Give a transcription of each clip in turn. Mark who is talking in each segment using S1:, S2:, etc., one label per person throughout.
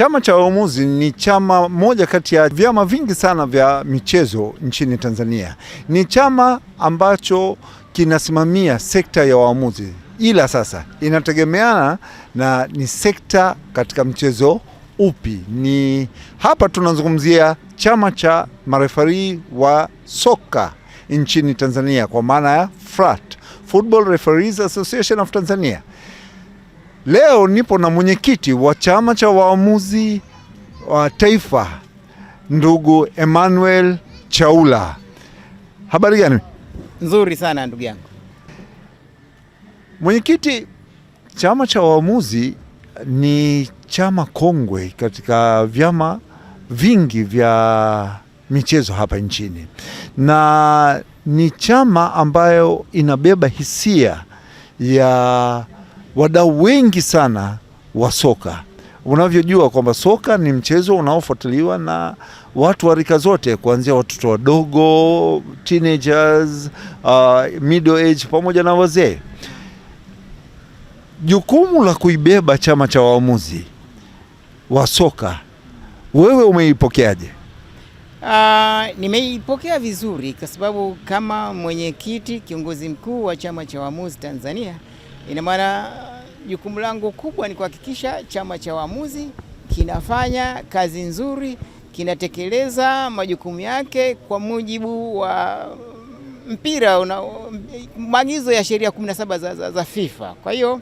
S1: Chama cha Waamuzi ni chama moja kati ya vyama vingi sana vya michezo nchini Tanzania. Ni chama ambacho kinasimamia sekta ya waamuzi, ila sasa inategemeana na ni sekta katika mchezo upi. Ni hapa tunazungumzia chama cha marefari wa soka nchini Tanzania, kwa maana ya FRAT, Football Referees Association of Tanzania. Leo nipo na mwenyekiti wa chama cha waamuzi wa taifa ndugu Emmanuel Chaula. Habari gani?
S2: Nzuri sana ndugu yangu.
S1: Mwenyekiti, chama cha waamuzi ni chama kongwe katika vyama vingi vya michezo hapa nchini na ni chama ambayo inabeba hisia ya wadau wengi sana wa soka. Unavyojua kwamba soka ni mchezo unaofuatiliwa na watu wa rika zote, kuanzia watoto wadogo, teenagers, uh, middle age pamoja na wazee. Jukumu la kuibeba chama cha waamuzi wa soka wewe umeipokeaje?
S2: Uh, nimeipokea vizuri kwa sababu kama mwenyekiti kiongozi mkuu wa chama cha waamuzi Tanzania Ina maana jukumu langu kubwa ni kuhakikisha chama cha waamuzi kinafanya kazi nzuri, kinatekeleza majukumu yake kwa mujibu wa mpira una maagizo ya sheria 17 za, za, za FIFA. Kwa hiyo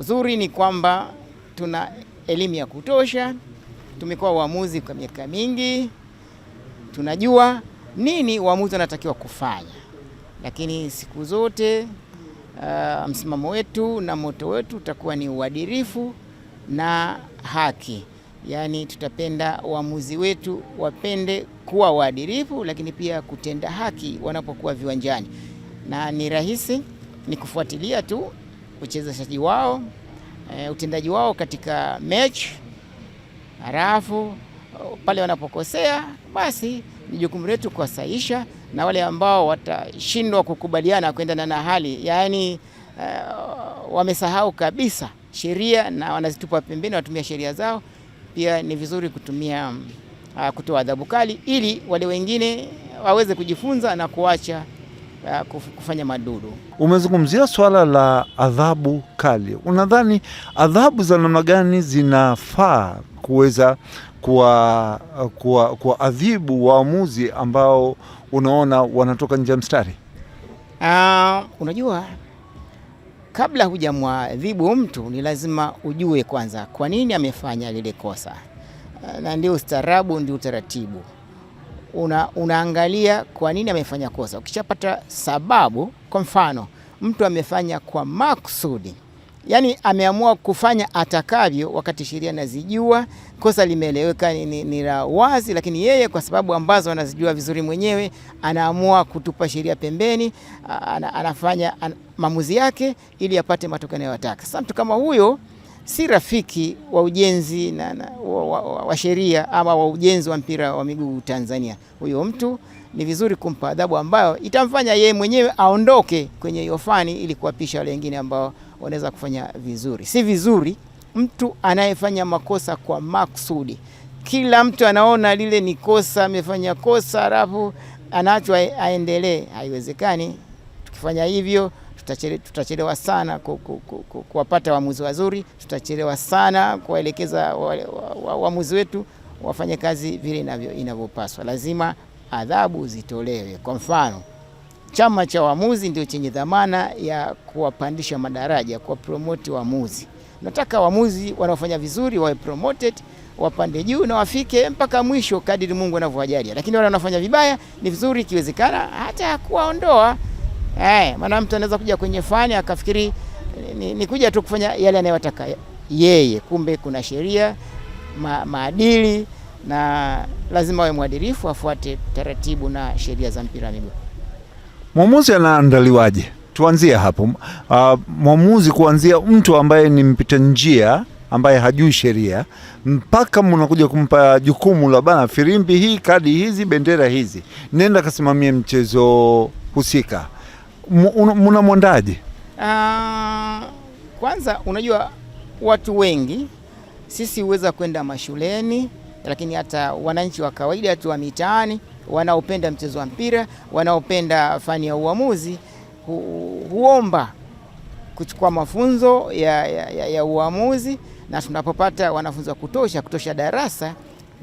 S2: uzuri ni kwamba tuna elimu ya kutosha, tumekuwa waamuzi kwa miaka mingi, tunajua nini waamuzi wanatakiwa kufanya, lakini siku zote uh, msimamo wetu na moto wetu utakuwa ni uadilifu na haki, yaani tutapenda waamuzi wetu wapende kuwa waadilifu, lakini pia kutenda haki wanapokuwa viwanjani, na ni rahisi ni kufuatilia tu uchezeshaji wao e, utendaji wao katika mechi, halafu pale wanapokosea basi ni jukumu letu kuwasaisha na wale ambao watashindwa kukubaliana kuendana na hali, yaani uh, wamesahau kabisa sheria na wanazitupa pembeni, wanatumia sheria zao. Pia ni vizuri kutumia uh, kutoa adhabu kali ili wale wengine waweze kujifunza na kuacha uh, kufanya madudu.
S1: Umezungumzia swala la adhabu kali, unadhani adhabu za namna gani zinafaa kuweza kuwaadhibu kuwa waamuzi ambao unaona wanatoka nje ya mstari?
S2: Uh, unajua kabla hujamwadhibu mtu ni lazima ujue kwanza kwa nini amefanya lile kosa, ah, na ndio ustaarabu, ndio utaratibu. Una, unaangalia kwa nini amefanya kosa. Ukishapata sababu, kwa mfano mtu amefanya kwa makusudi, yani ameamua kufanya atakavyo, wakati sheria nazijua kosa limeeleweka, ni, ni la wazi, lakini yeye kwa sababu ambazo anazijua vizuri mwenyewe anaamua kutupa sheria pembeni, ana, anafanya an, maamuzi yake ili apate matokeo anayotaka. Sasa mtu kama huyo si rafiki wa ujenzi na, na, wa, wa, wa, wa sheria ama wa ujenzi wa mpira wa miguu Tanzania. Huyo mtu ni vizuri kumpa adhabu ambayo itamfanya yeye mwenyewe aondoke kwenye hiyo fani ili kuwapisha wale wengine ambao wanaweza kufanya vizuri. Si vizuri mtu anayefanya makosa kwa maksudi Kila mtu anaona lile ni kosa, amefanya kosa alafu anaachwa aendelee. Haiwezekani. Tukifanya hivyo tutachelewa, tutachelewa sana kuwapata waamuzi wazuri, tutachelewa sana kuwaelekeza waamuzi wetu wafanye kazi vile inavyopaswa. Lazima adhabu zitolewe. Kwa mfano, chama cha waamuzi ndio chenye dhamana ya kuwapandisha madaraja, kuwapromoti waamuzi. Nataka waamuzi wanaofanya vizuri wawe promoted, wapande juu na wafike mpaka mwisho kadiri Mungu anavyowajalia, lakini wale wanaofanya vibaya ni vizuri ikiwezekana hata kuwaondoa. Eh, maana mtu anaweza kuja kwenye fani akafikiri ni, ni kuja tu kufanya yale anayotaka yeye, kumbe kuna sheria ma, maadili na lazima awe mwadilifu, afuate taratibu na sheria za mpira wa miguu.
S1: Mwamuzi anaandaliwaje? tuanzie hapo. Uh, mwamuzi kuanzia mtu ambaye ni mpita njia ambaye hajui sheria mpaka mnakuja kumpa jukumu la bana, firimbi hii, kadi hizi, bendera hizi, nenda kasimamie mchezo husika, mnamwandaje? Uh,
S2: kwanza unajua watu wengi sisi huweza kwenda mashuleni, lakini hata wananchi wa kawaida tu wa mitaani wanaopenda mchezo wa mpira, wanaopenda fani ya uamuzi hu, huomba kuchukua mafunzo ya, ya, ya, ya uamuzi, na tunapopata wanafunzi wa kutosha kutosha darasa,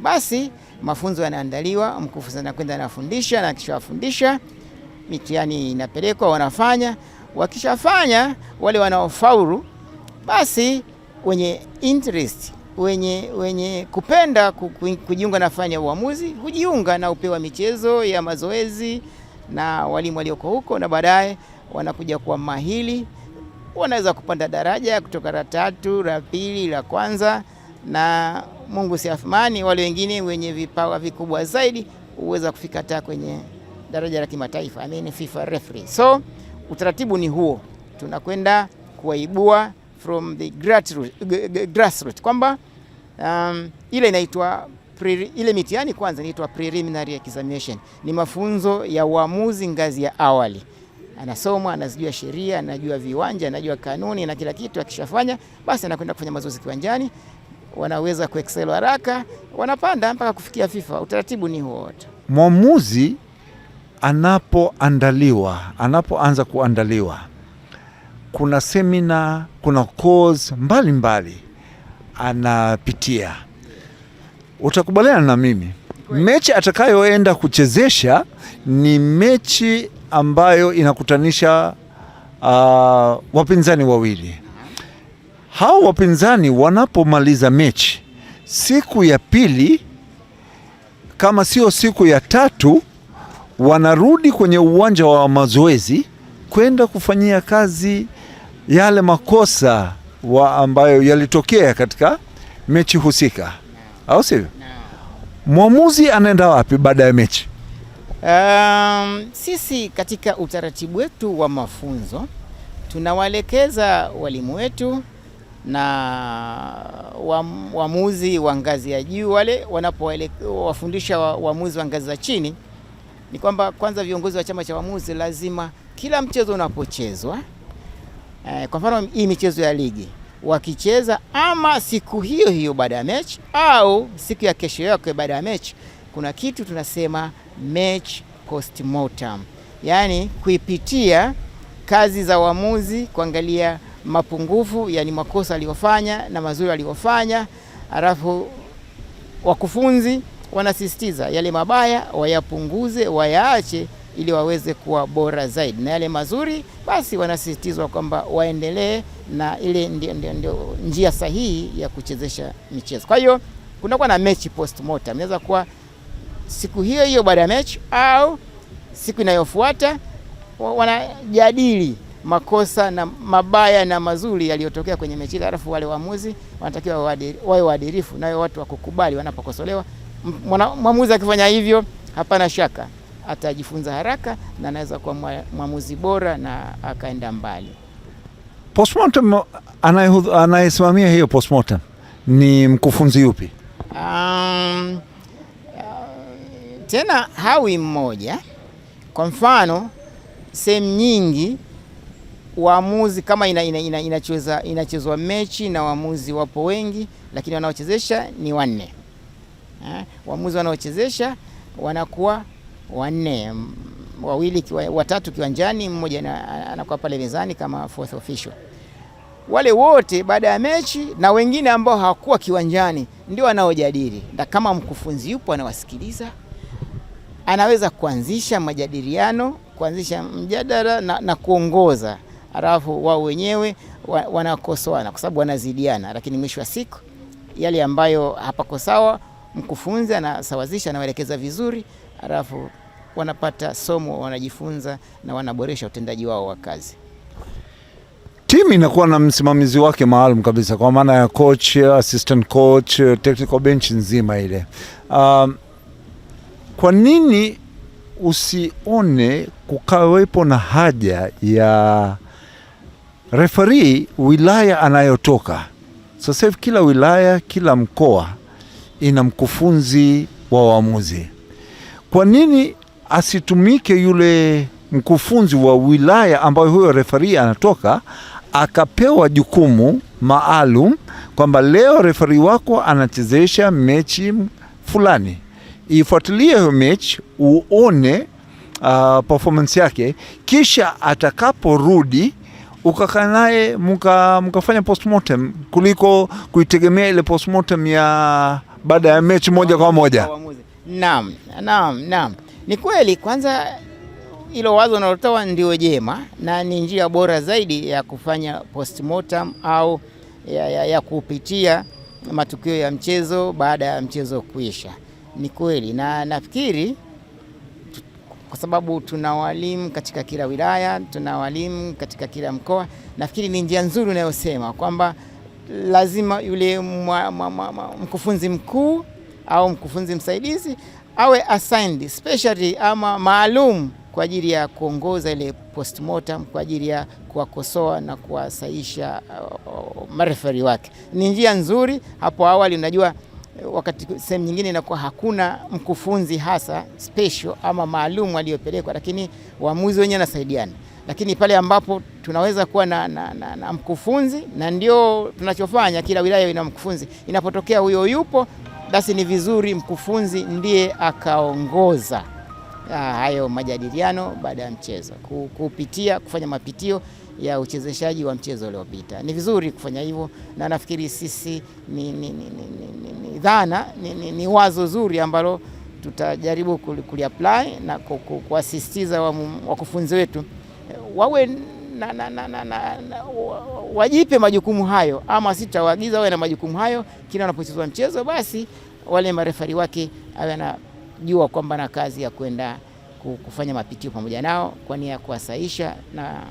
S2: basi mafunzo yanaandaliwa, mkufunzi anakwenda anafundisha, na akishawafundisha mitihani inapelekwa, wanafanya. Wakishafanya wale wanaofaulu, basi wenye interest wenye, wenye kupenda kujiunga na fani ya uamuzi hujiunga na upewa michezo ya mazoezi na walimu walioko huko, na baadaye wanakuja kuwa mahili, wanaweza kupanda daraja kutoka la tatu, la pili, la kwanza, na Mungu si afumani, wale wengine wenye vipawa vikubwa zaidi huweza kufika hata kwenye daraja la kimataifa, I mean FIFA referee. So utaratibu ni huo, tunakwenda kuwaibua from the grassroots kwamba um, ile inaitwa ile mitihani kwanza inaitwa preliminary examination, ni mafunzo ya uamuzi ngazi ya awali. Anasoma, anajua sheria, anajua viwanja, anajua kanuni na kila kitu. Akishafanya basi anakwenda kufanya mazoezi kiwanjani, wanaweza kuexcel haraka, wanapanda mpaka kufikia FIFA. Utaratibu ni huo wote.
S1: Mwamuzi anapoandaliwa, anapoanza kuandaliwa, kuna semina, kuna course mbalimbali anapitia utakubaliana na mimi, mechi atakayoenda kuchezesha ni mechi ambayo inakutanisha uh, wapinzani wawili. Hao wapinzani wanapomaliza mechi siku ya pili, kama sio siku ya tatu, wanarudi kwenye uwanja wa mazoezi kwenda kufanyia kazi yale makosa wa ambayo yalitokea katika mechi husika au sivyo? Mwamuzi anaenda wapi baada ya mechi?
S2: Um, sisi katika utaratibu wetu wa mafunzo tunawaelekeza walimu wetu na waamuzi wa ngazi ya juu wale wanapowafundisha waamuzi wa ngazi za chini, ni kwamba kwanza, viongozi wa chama cha waamuzi lazima kila mchezo unapochezwa eh, kwa mfano hii michezo ya ligi wakicheza ama siku hiyo hiyo baada ya mechi au siku ya kesho yake baada ya mechi, kuna kitu tunasema match postmortem, yaani kuipitia kazi za waamuzi, kuangalia mapungufu, yani makosa aliyofanya na mazuri aliyofanya, alafu wakufunzi wanasisitiza yale mabaya wayapunguze, wayaache ili waweze kuwa bora zaidi, na yale mazuri basi wanasisitizwa kwamba waendelee na ile ndio, ndio, ndio njia sahihi ya kuchezesha michezo. Kwa hiyo kunakuwa na mechi post mortem, inaweza kuwa siku hiyo hiyo baada ya mechi au siku inayofuata, wanajadili makosa na mabaya na mazuri yaliyotokea kwenye mechi ile, halafu wale waamuzi wanatakiwa wawe waadilifu, nayo watu wakukubali wanapokosolewa. Mwamuzi akifanya hivyo, hapana shaka atajifunza haraka na anaweza kuwa mwamuzi bora na akaenda mbali.
S1: Postmortem anayesimamia hiyo postmortem ni mkufunzi yupi? Um,
S2: uh, tena hawi mmoja. Kwa mfano sehemu nyingi waamuzi kama inachezwa ina, ina inachezwa mechi na waamuzi wapo wengi, lakini wanaochezesha ni wanne. Eh, waamuzi wanaochezesha wanakuwa wanne wawili kiwa, watatu kiwanjani, mmoja anakuwa pale mezani kama fourth official. Wale wote baada ya mechi na wengine ambao hawakuwa kiwanjani ndio wanaojadili, na kama mkufunzi yupo anawasikiliza, anaweza kuanzisha majadiliano, kuanzisha mjadala na, na kuongoza, alafu wao wenyewe wanakosoana kwa sababu wanazidiana, lakini mwisho wa siku yale ambayo hapako sawa mkufunzi anasawazisha, anawaelekeza vizuri alafu wanapata somo, wanajifunza na wanaboresha utendaji wao wa kazi.
S1: Timu inakuwa na msimamizi wake maalum kabisa, kwa maana ya coach, assistant coach, technical bench nzima ile. Um, kwa nini usione kukawepo na haja ya referee wilaya anayotoka? Sasa hivi kila wilaya, kila mkoa ina mkufunzi wa waamuzi. Kwa nini asitumike yule mkufunzi wa wilaya ambayo huyo refari anatoka akapewa jukumu maalum kwamba leo refari wako anachezesha mechi fulani, ifuatilie hiyo mechi uone uh, performance yake, kisha atakaporudi ukakaa naye mkafanya postmortem kuliko kuitegemea ile postmortem ya baada ya mechi moja kwa moja.
S2: Naam, naam, naam. Ni kweli, kwanza ilo wazo unalotoa ndio jema na ni njia bora zaidi ya kufanya postmortem au ya, ya, ya kupitia matukio ya mchezo baada ya mchezo kuisha. Ni kweli, na nafikiri kwa sababu tuna walimu katika kila wilaya, tuna walimu katika kila mkoa, nafikiri ni njia nzuri unayosema kwamba lazima yule mkufunzi mkuu au mkufunzi msaidizi awe assigned specially ama maalum kwa ajili ya kuongoza ile postmortem kwa ajili ya kuwakosoa na kuwasaisha uh, marefari wake. Ni njia nzuri. Hapo awali, unajua eh, wakati sehemu nyingine inakuwa hakuna mkufunzi hasa special ama maalum aliyopelekwa, lakini waamuzi wenyewe nasaidiana Lakini pale ambapo tunaweza kuwa na, na, na, na mkufunzi, na ndio tunachofanya, kila wilaya ina mkufunzi. Inapotokea huyo yupo basi ni vizuri mkufunzi ndiye akaongoza ah, hayo majadiliano baada ya mchezo kupitia kufanya mapitio ya uchezeshaji wa mchezo uliopita. Ni vizuri kufanya hivyo, na nafikiri sisi ni, ni, ni, ni, ni dhana ni, ni, ni wazo zuri ambalo tutajaribu kuliapply na kuasistiza wakufunzi wetu eh, wawe na, na, na, na, na, wajipe majukumu hayo, ama sitawaagiza wawe na majukumu hayo. Kila wanapochezwa mchezo, basi wale marefari wake awe anajua kwamba na kazi ya kwenda kufanya mapitio pamoja nao kwa nia ya kuwasaisha na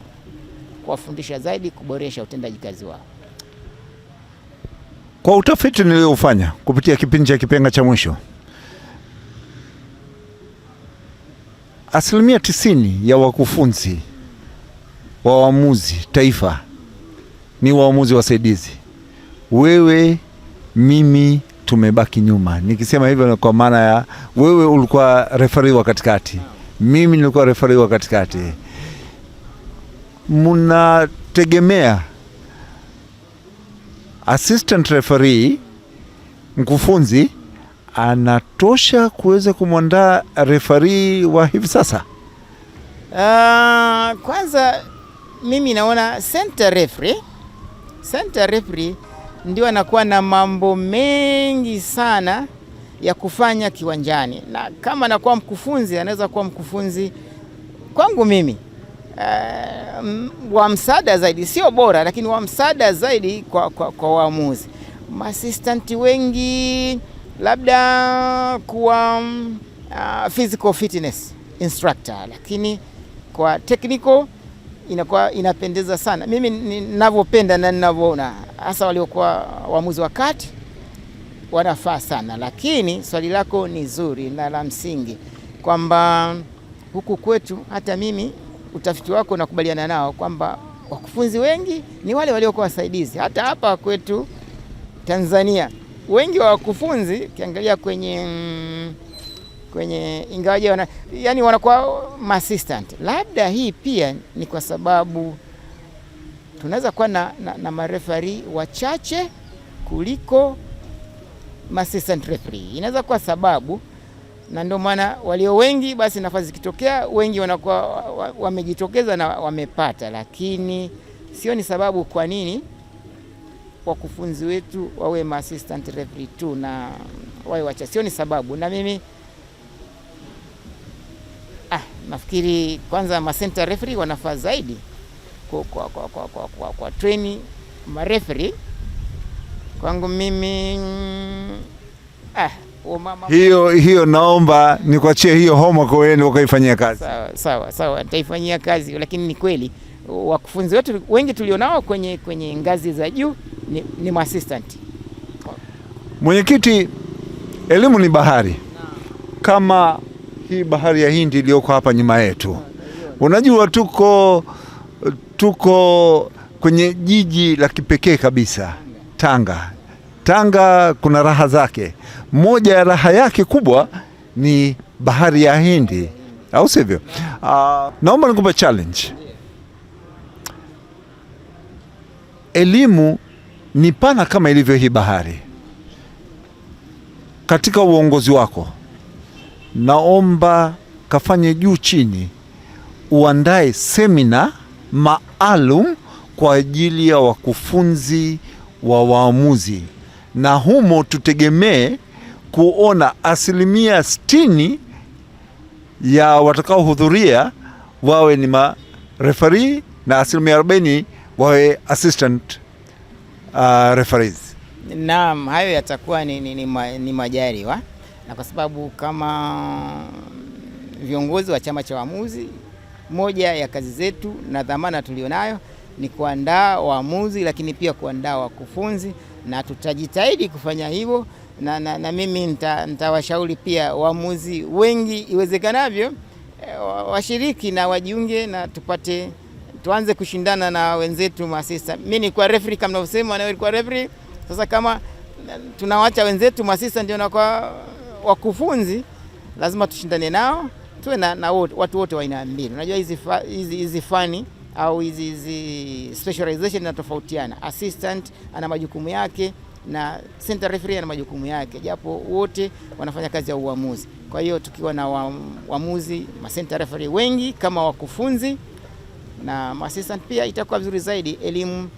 S2: kuwafundisha zaidi, kuboresha utendaji kazi wao.
S1: Kwa utafiti niliofanya kupitia kipindi cha kipenga cha mwisho, asilimia tisini ya wakufunzi wa waamuzi taifa ni waamuzi wasaidizi. Wewe, mimi tumebaki nyuma. Nikisema hivyo kwa maana ya wewe ulikuwa referee wa katikati, mimi nilikuwa referee wa katikati. Mnategemea assistant referee mkufunzi anatosha kuweza kumwandaa referee wa hivi sasa.
S2: Uh, kwanza mimi naona center referee, center referee ndio anakuwa na mambo mengi sana ya kufanya kiwanjani, na kama anakuwa mkufunzi anaweza kuwa mkufunzi kwangu mimi uh, wa msaada zaidi, sio bora, lakini wa msaada zaidi kwa, kwa, kwa waamuzi maasistanti wengi, labda kuwa uh, physical fitness instructor, lakini kwa technical inakuwa inapendeza sana. Mimi ninavyopenda na ninavyoona, hasa waliokuwa waamuzi wa kati wanafaa sana, lakini swali lako ni zuri na la msingi kwamba huku kwetu, hata mimi utafiti wako nakubaliana nao kwamba wakufunzi wengi ni wale waliokuwa wasaidizi. Hata hapa kwetu Tanzania wengi wa wakufunzi ukiangalia kwenye mm, kwenye ingawaje wana, yani wanakuwa assistant. Labda hii pia ni kwa sababu tunaweza kuwa na, na, na marefari wachache kuliko assistant referee. Inaweza kuwa sababu, na ndio maana walio wengi basi nafasi zikitokea wengi wanakuwa wamejitokeza na wamepata, lakini sio ni sababu kwa nini wakufunzi wetu wawe assistant referee tu na wawe wachache, sio ni sababu, na mimi Ah, nafikiri kwanza masenta referee wanafaa zaidi kwa, kwa, kwa, kwa, kwa, kwa, kwa treni mareferee kwangu mimi ah,
S1: mama... hiyo hiyo naomba nikuachie hiyo homework uende ukaifanyia kazi.
S2: Sawa sawa sawa, nitaifanyia kazi, lakini ni kweli wakufunzi wetu wengi tulionao kwenye, kwenye ngazi za juu ni, ni maassistant.
S1: Mwenyekiti, elimu ni bahari kama hii bahari ya Hindi iliyoko hapa nyuma yetu. Unajua tuko tuko kwenye jiji la kipekee kabisa Tanga. Tanga kuna raha zake, moja ya raha yake kubwa ni bahari ya Hindi, au sivyo? Uh, naomba nikupe challenge. Elimu ni pana kama ilivyo hii bahari. Katika uongozi wako naomba kafanye juu chini, uandae semina maalum kwa ajili ya wakufunzi wa waamuzi, na humo tutegemee kuona asilimia sitini ya watakaohudhuria wawe ni marefari na asilimia arobaini wawe assistant uh, referees.
S2: Naam, hayo yatakuwa ni, ni, ni, ni majaliwa na kwa sababu kama viongozi wa Chama cha Waamuzi, moja ya kazi zetu na dhamana tulionayo ni kuandaa waamuzi, lakini pia kuandaa wakufunzi, na tutajitahidi kufanya hivyo na, na, na mimi nitawashauri pia waamuzi wengi iwezekanavyo eh, washiriki na wajiunge na tupate tuanze kushindana na wenzetu masista. Mimi kwa referee kama mnavyosema, na kwa referee sasa, kama eh, tunawacha wenzetu masista ndio kwa wakufunzi lazima tushindane nao, tuwe na, na watu wote wa aina mbili. Unajua hizi hizi fani au hizi hizi specialization inatofautiana. Assistant ana majukumu yake na center referee ana majukumu yake, japo wote wanafanya kazi ya uamuzi. Kwa hiyo tukiwa na waamuzi ma center referee wengi kama wakufunzi na assistant pia itakuwa vizuri zaidi elimu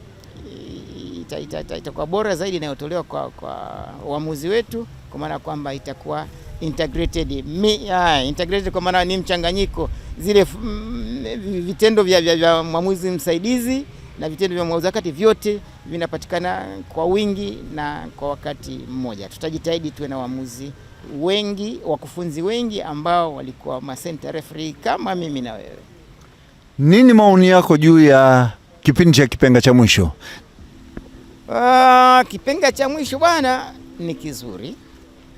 S2: itakuwa ita, ita, ita bora zaidi inayotolewa kwa, kwa uamuzi wetu, kwa maana kwamba itakuwa integrated Mi, uh, integrated kwa maana ni mchanganyiko zile mm, vitendo vya, vya, vya mwamuzi msaidizi na vitendo vya mwamuzi wakati vyote vinapatikana kwa wingi na kwa wakati mmoja. Tutajitahidi tuwe na waamuzi wengi, wakufunzi wengi ambao walikuwa center referee kama mimi na wewe.
S1: Nini maoni yako juu ya kipindi cha kipenga cha mwisho?
S2: Ah, kipenga cha mwisho bwana ni kizuri,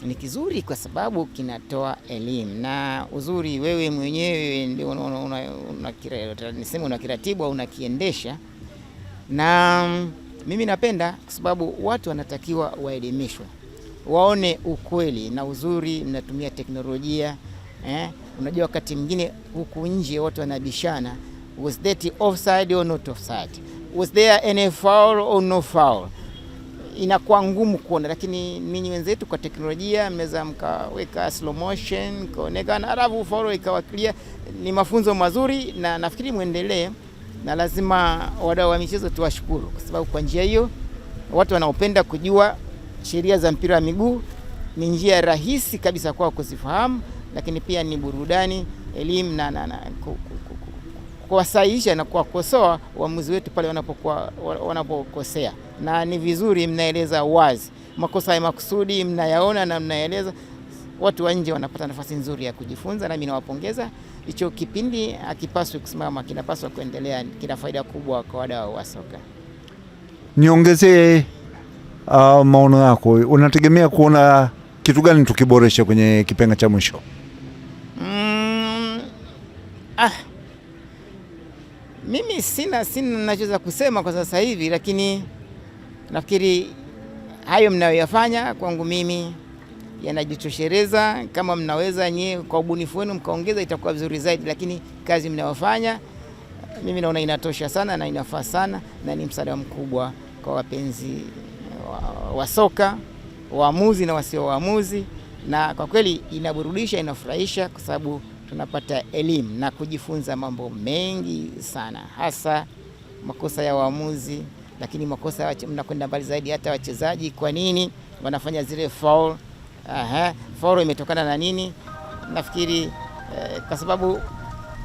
S2: ni kizuri kwa sababu kinatoa elimu na uzuri. Wewe mwenyewe ndio niseme unakiratibu au unakiendesha, na mm, mimi napenda kwa sababu watu wanatakiwa waelimishwe, waone ukweli na uzuri. Mnatumia teknolojia eh? Unajua wakati mwingine huku nje watu wanabishana was that offside or not offside was there any foul or no foul? Inakuwa ngumu kuona, lakini ninyi wenzetu kwa teknolojia mmeweza mkaweka slow motion mkaonekana, alafu foul ikawa clear. Ni mafunzo mazuri na nafikiri mwendelee, na lazima wadau wa michezo tuwashukuru, kwa sababu kwa njia hiyo watu wanaopenda kujua sheria za mpira wa miguu ni njia rahisi kabisa kwao kuzifahamu, lakini pia ni burudani, elimu na, na, na kuwasaisha na kuwakosoa uamuzi wetu pale wanapokuwa wanapokosea, na ni vizuri mnaeleza wazi makosa ya makusudi, mnayaona na mnaeleza. Watu wa nje wanapata nafasi nzuri ya kujifunza, nami nawapongeza. Hicho kipindi akipaswi kusimama, kinapaswa kuendelea, kina faida kubwa kwa wadau wa soka.
S1: Niongezee uh, maono yako, unategemea kuona kitu gani tukiboresha kwenye kipenga cha mwisho? mm,
S2: ah. Mimi sina sina ninachoweza kusema kwa sasa hivi, lakini nafikiri hayo mnayoyafanya kwangu mimi yanajitoshereza. Kama mnaweza nyie kwa ubunifu wenu mkaongeza, itakuwa vizuri zaidi, lakini kazi mnayofanya mimi naona inatosha sana na inafaa sana na ni msaada mkubwa kwa wapenzi wa, wa soka, waamuzi na wasio waamuzi, na kwa kweli inaburudisha, inafurahisha kwa sababu tunapata elimu na kujifunza mambo mengi sana, hasa makosa ya waamuzi, lakini makosa mnakwenda mbali zaidi, hata wachezaji, kwa nini wanafanya zile foul? Aha, foul imetokana na nini? Nafikiri eh, kwa sababu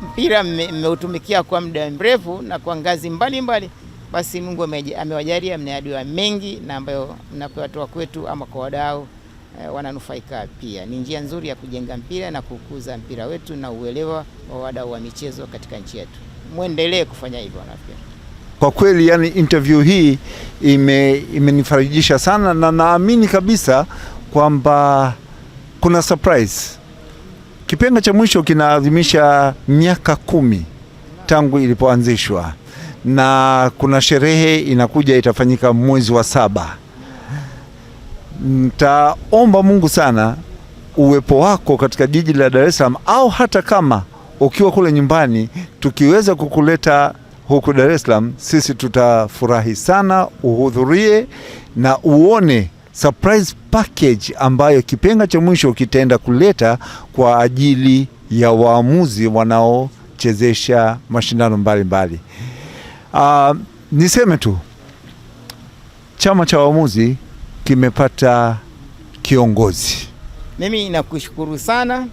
S2: mpira mmeutumikia kwa muda mrefu na kwa ngazi mbalimbali mbali. Basi Mungu amewajalia mna mengi na ambayo mnapewa toa kwetu ama kwa wadau Eh, wananufaika pia. Ni njia nzuri ya kujenga mpira na kukuza mpira wetu na uelewa wa wadau wa michezo katika nchi yetu. Mwendelee kufanya hivyo wanafikiri.
S1: Kwa kweli, yani interview hii imenifarijisha sana, na naamini kabisa kwamba kuna surprise. Kipenga cha mwisho kinaadhimisha miaka kumi tangu ilipoanzishwa na kuna sherehe inakuja itafanyika mwezi wa saba nitaomba Mungu sana uwepo wako katika jiji la Dar es Salaam, au hata kama ukiwa kule nyumbani, tukiweza kukuleta huku Dar es Salaam, sisi tutafurahi sana. Uhudhurie na uone surprise package ambayo kipenga cha mwisho kitaenda kuleta kwa ajili ya waamuzi wanaochezesha mashindano mbalimbali mbali. Uh, niseme tu chama cha waamuzi kimepata kiongozi.
S2: Mimi nakushukuru sana,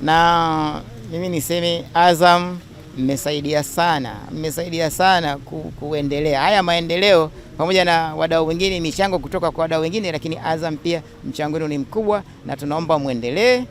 S2: na mimi niseme Azam mmesaidia sana, mmesaidia sana ku, kuendelea haya maendeleo pamoja na wadau wengine, michango kutoka kwa wadau wengine, lakini Azam pia mchango wenu ni mkubwa, na tunaomba mwendelee.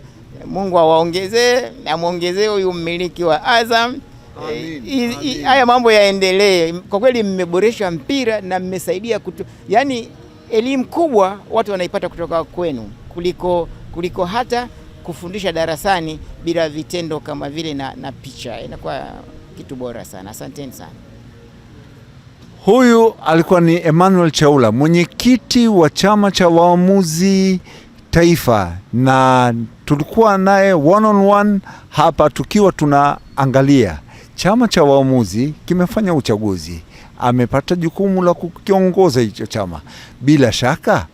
S2: Mungu awaongezee na muongezee huyu mmiliki wa Azam. haya e, eh, Haya mambo yaendelee. Kwa kweli mmeboresha mpira na mmesaidia kutu, yani elimu kubwa watu wanaipata kutoka kwenu kuliko, kuliko hata kufundisha darasani bila vitendo kama vile na, na picha inakuwa kitu bora sana. Asanteni sana.
S1: Huyu alikuwa ni Emmanuel Chaula, mwenyekiti wa chama cha waamuzi taifa, na tulikuwa naye one on one hapa tukiwa tunaangalia chama cha waamuzi kimefanya uchaguzi amepata jukumu la kukiongoza hicho chama. Bila shaka,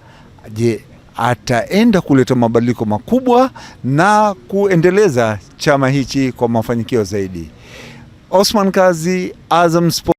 S1: je, ataenda kuleta mabadiliko makubwa na kuendeleza chama hichi kwa mafanikio zaidi. Osman Kazi, Azam Sport.